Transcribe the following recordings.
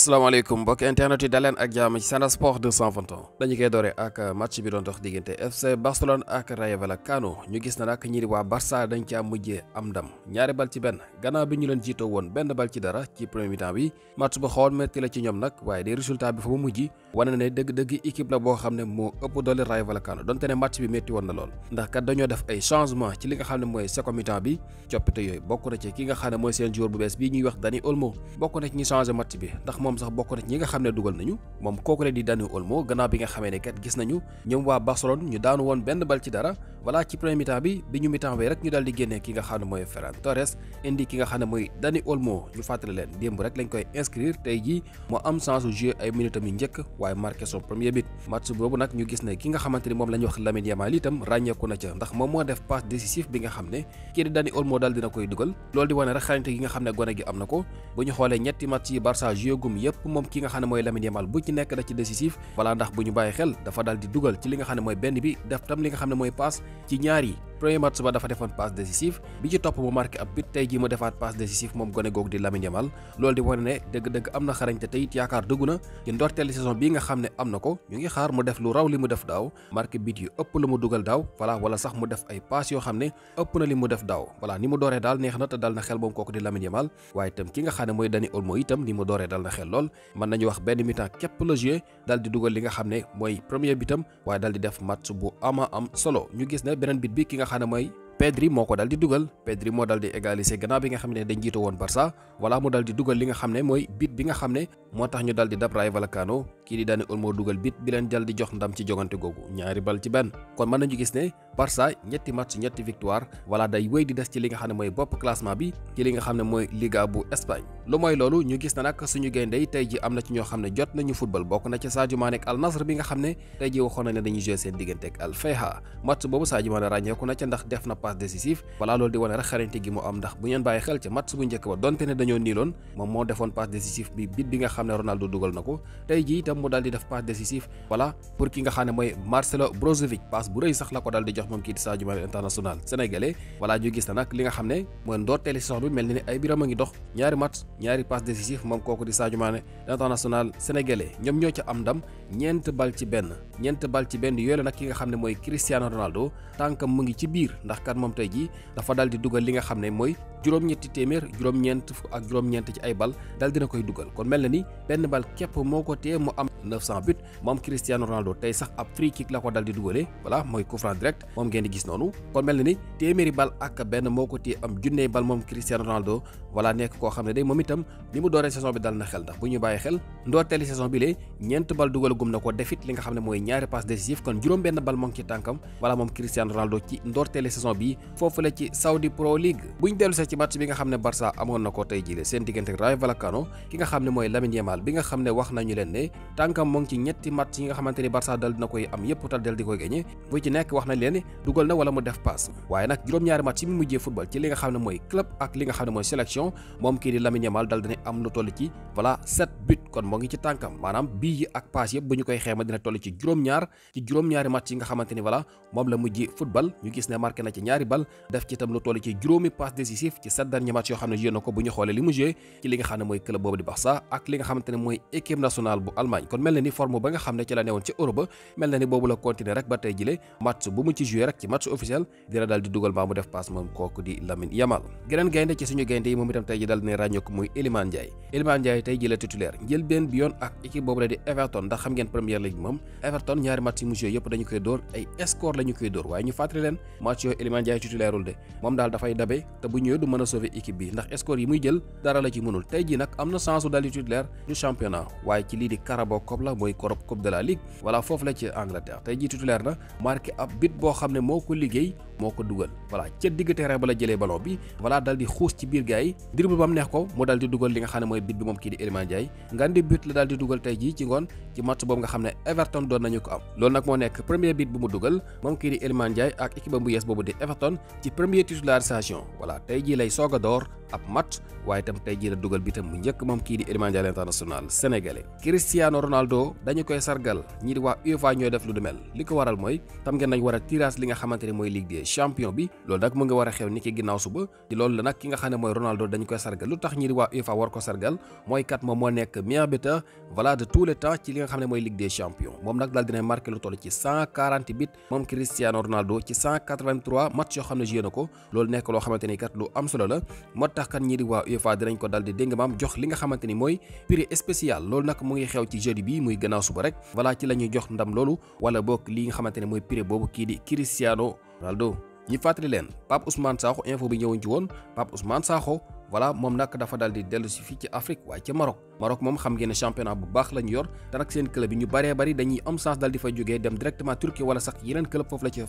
salaamaaleykum mbokk internet yi daleen ak jàmm ci Sen Sport 221 dañu koy dooree ak match bi doon dox diggante FC Barcelone ak Rayo Vallecano ñu gis na nag ñi di waa Barça dañ caa mujjee am ndam ñaari bal ci benn gannaaw bi ñu leen jiitoo woon benn bal ci dara ci premier bi match ba xawoon metti waaye di résultat bi fa mu mujj wane ne dëgg-dëgg équipe la boo xam ne moo ëpp doole Rayo Vallecano donte ne match bi metti woon na lool ndax kat dañoo def ay changement ci li nga xam ne mooy second mi-temps bi coppite yooyu na ci ne mooy seen joueur bu wax Dani Olmo bokk na ci ñi changé match mom sax bokku na ci nga xamne dugal nañu mom koku le di Dani Olmo gannaaw bi nga xamé ne kat gis nañu ñom wa Barcelone ñu daanu won benn bal ci dara wala ci premier mi-temps bi bi ñu mi-temps way rek ñu dal di génné ki nga xamne moy Ferran Torres indi ki nga xamne moy Dani Olmo ñu fatale len demb rek lañ koy inscrire tay ji mo am chance jeu ay minute mi ñëk waye marqué son premier but match bobu nak ñu gis ne ki nga xamanteni mom lañ wax Lamine Yamal itam ko na ci ndax mom mo def passe décisif bi nga xamne ki di Dani Olmo dal dina koy dugal lool di wone rek xarañte gi nga xamne gone gi am ko bu ñu xolé ñetti match ci Barça jeu gum yëpp moom ki nga xam ne mooy Lamine Yamal bu ci nekk da ci décisif voilà ndax bu ñu bàyyi xel dafa daal di dugal ci li nga xam ne mooy benn bi def tam li nga xam ne mooy paas ci ñaar yi premier match ba dafa defone passe décisive bi ci top mu marqué ab but tay ji mu defaat passe décisive mom goné gog di Lamine Yamal Lol di wane ne deug amna am na xarañte te it yaakaar dëggu ci ndortel saison bi nga xamné ne ko ñu ngi xaar mu def lu raw li mu def daw marqué but yu ëpp lu mu duggal daw wala wala sax mu def ay passe yo xamné ëpp na li mu def daw wala ni mu doré dal neex na dal na xel bom koku di Lamine Yamal waye tam ki nga xamné moy Dani Olmo itam ni mu doré dal na xel lol man nañu wax ben mi-temps képp le jeu dal di duggal li nga xamné moy premier bitam waye dal di def match bu ama am solo ñu gis né benen bit bi ki nga xamne moy Pedri moko dal di dugal Pedri mo dal di égaliser gannaaw bi nga xamne dañ jitu won Barça wala mu dal di dugal li nga xamne moy bit bi nga xamne motax ñu dal di dab rival Kano ki di Olmo dugal bit bi len dal jox ndam ci jogante gogu ñaari bal ci ben kon man nañu gis ne Barça ñetti match ñetti victoire wala day wéy di dess ci li nga xamne moy bop classement bi ci li nga xamne moy Liga bu Espagne lu moy nyugis ñu gis na nak suñu gënde tay ji amna ci ño xamne jot nañu football bokk na ci Sadio Mané ak Al Nassr bi nga xamne tay ji waxon na dañuy jouer seen digënté ak Al Fayha match bobu Sadio Mané ko na ci ndax def na passe décisif wala lolu di wone rek xarenté gi mu am ndax bu ñen baye xel ci match bu ñëk ba donté né dañoo nilon mom mo defon passe décisif bi bit bi nga xamne Ronaldo duggal nako tay ji tam mu di def passe décisif wala pour ki nga xamne moy Marcelo Brozovic passe bu reuy sax la ko jox mom ki di Sadio Mané international sénégalais wala ñu gis na nag li nga xamné ne mooy ndorteeli saison bi mel ay biram a ngi dox ñaari match ñaari passe décisif mom koku di Sadio Mané international sénégalais ñom ñoo ci am ndam ñent bal ci ben ñent bal ci ben nak ki nga xamné moy Cristiano Ronaldo tànkam mu ngi ci bir ndax kat mom tay ji dafa dal di dugal li nga xamné moy mooy ñetti téeméer juróom-ñeent ak ñent ci ay bal dal dina koy duggal kon melni ben bal képp moko té mu am 900 but moom Cristiano Ronaldo tey sax ab free kick la ko dal di dugalee voilà mooy coup direct moom ngeen di gis noonu kon mel na ni téeméeri bal ak benn moo ko téye am junney bal moom Cristiano Ronaldo voilà nekk koo xam ne day moom itam li mu dooree saison bi dal na xel ndax bu ñu bàyyi xel ndorteeli saison bi lee ñeent bal dugal gum na ko defit li nga xam ne mooy ñaari passe décisif kon juróom benn bal moom ci tànkam voilà moom Cristiano Ronaldo ci ndorteeli saison bi foofu nga xam ne Barça amoon na ko tey jile seen diggante Rayo Vallecano ki nga xam nga xam ne wax nañu leen tànkam mo ci ñetti match yi nga xamante ni dal dina koy am yëpp tal del di koy gagné bu ci nekk wax nañ leen dugal na wala mu def passe waaye nag juróom-ñaari match yi nga xam mooy club moom la mujjee football ñu gis ne marqué na ci ñaari bal def ci itam lu toll ci juróomi passe décisif ci sept derniers match yoo xam ne joué ko bu ñu xoolee li mu ci li nga xam ne mooy club boobu di Barça ak li nga xamante mooy équipe nationale bu kon mel na ni forme ba nga xam ne ci la newoon ci Europe mel na ni boobu la continuer rek ba tey jile match bu mu ci joué rek ci match officiel dina daal di dugal mbaa mu def passe moom kooku di Lamine Yamal geneen gaynde ci suñu gaynde yi moom itam tey ji la titulaire njël benn bi yoon ak équipe boobu la di Everton ndax xam ngeen première ligue moom Everton ñaari match yi mu joué yëpp dañu koy dóor ay score la koy dóor waaye ñu fàttali leen match yooyu Iliman COP la mooy korop coupe de la ligue voilà foofu la ci Angleterre tey jii titulaire na marqué ab bit boo xam ne moo ko liggéey moo ko dugal voilà ca digg terrain la jëlee ballon bi voilà dal di xuus ci biir gars yi dribble neex ko mu dal di dugal li nga xam ne mooy bit bi moom kii di Iliman bu mu dugal moom kii di ak équipe yees boobu di Everton ci premier titularisation voilà tey jii lay soog a ab match waaye itam tey jii la dugal bitam mu njëkk moom kii di Ronaldo dañu koy sargal ñi waa UEFA ñooy def lu du li ko waral mooy tam ngeen nañ war a li nga xamante mooy Ligue des champions bi loolu nag mu nga war xew ni ki ginnaaw suba loolu la mu ngi xew ci jeudi bi bi muy gannaaw suba rek voilà ci la ñuy jox ndam loolu wala boog li nga xamante ne mooy prix boobu kii di Cristiano Ronaldo ñi fàttali leen Pape Ousmane Sakho info bi ñëwoon ci woon Pape Ousmane Sakho voilà moom nag dafa daal di dellu si fii ci Afrique waaye ca Maroc Maroc moom xam ngeen ne championnat bu baax la ñu yor te nag seen club yi ñu bëree dañuy am chance dal di fay jógee dem directement Turquie wala sax yeneen club foofu la ci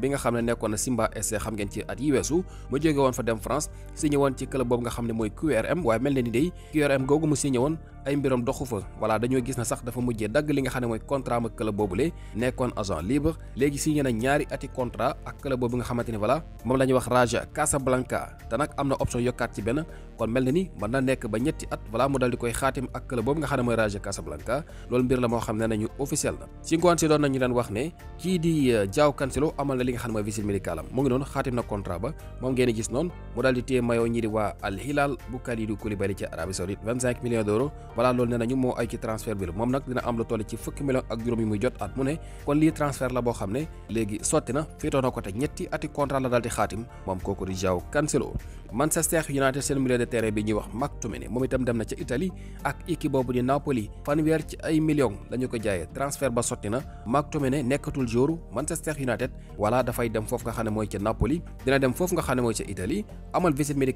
bi nga xam ne nekkoon na Simba SC xam ngeen ci at yi weesu mu jóge woon fa dem France signé woon ci club boobu nga xam ne mooy QRM waaye mel na ni day QRM googu mu signé woon ay mbiram doxu fa voilà dañoo gis na sax dafa mujjee dagg li nga xam ne mooy contrat ak club boobule nekkoon agent libre léegi signé na ñaari ati contrat ak club boobu nga xamante ni voilà moom la ñuy wax Raja Casablanca te nag am na option yokkaat ci benn kon melni ni man na nek ba ñetti at wala mu dal di koy khatim ak club boobu nga xam moy Raja Casablanca lol mbir la mo xamne nañu officiel na ci ngon si doon nañu leen wax ne ki di jaw euh, Cancelo amal na li nga xamne moy visite médicale mo ngi non khatim na contrat ba moom ngeen gis non mu dal di tey mayo ñi di wa Al Hilal bu kuli Koulibaly ci Arabie Saoudite 25 millions d'euros wala lol ne nañu mo ay ci transfert bi mom nak dina am lu tolli ci fukki millions ak juroom yi muy jot at mu ne kon li transfert la bo xamne ne soti na féetoo na ko te ñetti ati contrat la dal di khatim mom koku di jaw Cancelo Manchester United sen milieu de tere bi ñuy wax McTominay moom itam dem na ca Italie ak équipe boobu di Napoli fanweer ci ay millions lañu ko jaayee transfert ba sotti na McTominay nekkatul joueur Manchester United voilà dafay dem foofu nga xam ne mooy ca Napoli dina dem foof nga xam ne mooy ca Italie amal xam ne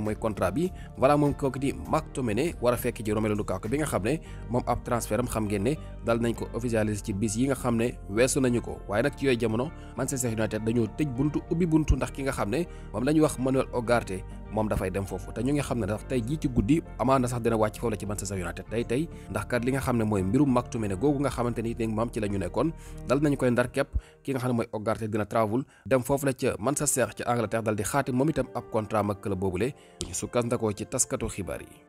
mooy contrat bi voilà moom kooku di a xam ne moom ab transfert am xam ngeen ne dal nañ ko officialiser ci bis yi nga xam ne weesu nañu ko waaye nag ci yooyu jamono Manchester United dañoo tëj buntu ubbi buntu ndax ki nga xam ne moom la ñu wax Manuel Ugarte moom dafa dafay dem foofu te ñu ngi xam ne sax tey jii ci guddi amaana sax dina wàcc foofu la ci Manchester United tey tey ndax kat li nga xam ne mooy mbirum Mctominay googu nga xamante ni dégg maam ci la nekkoon dal nañu koy ndar ki nga xam ne mooy Hogarth dina travel dem foofu la ca Manchester ci Angleterre dal di xaati moom itam ab contrat ak club boobule sukkandikoo ci taskatu xibaar yi